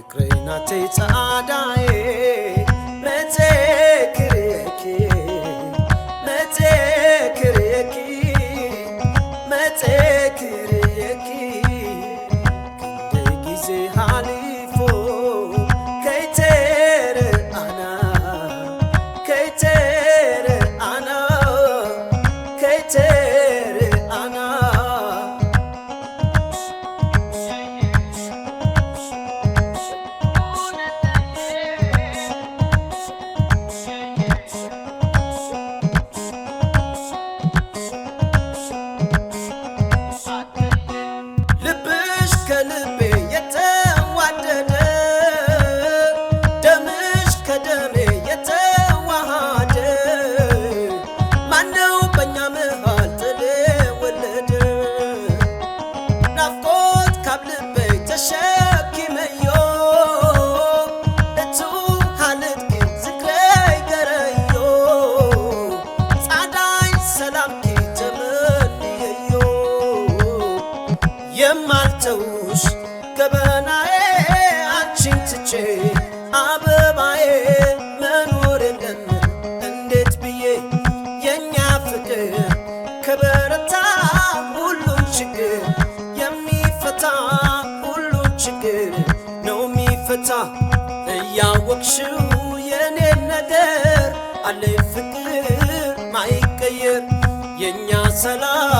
ፍቅሬ ናቴ ጸአዳዬ መዘክርኪ መዘክርኪ መዘ ጌታ እያወቅሽው የኔ ነገር አለ ፍቅር ማይቀየር የእኛ ሰላም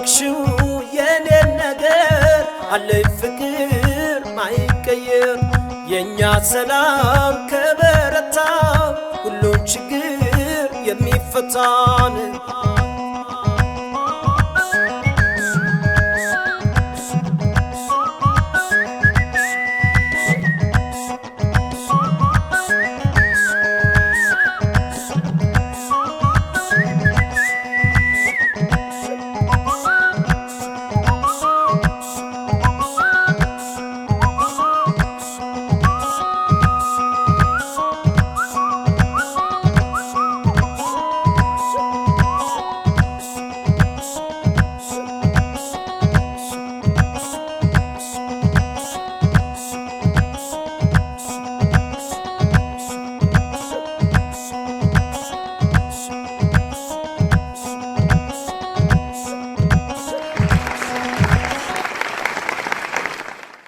ካወቅሽው የኔን ነገር አለይ ፍቅር ማይቀየር የእኛ ሰላም ከበረታ ሁሉን ችግር የሚፈታን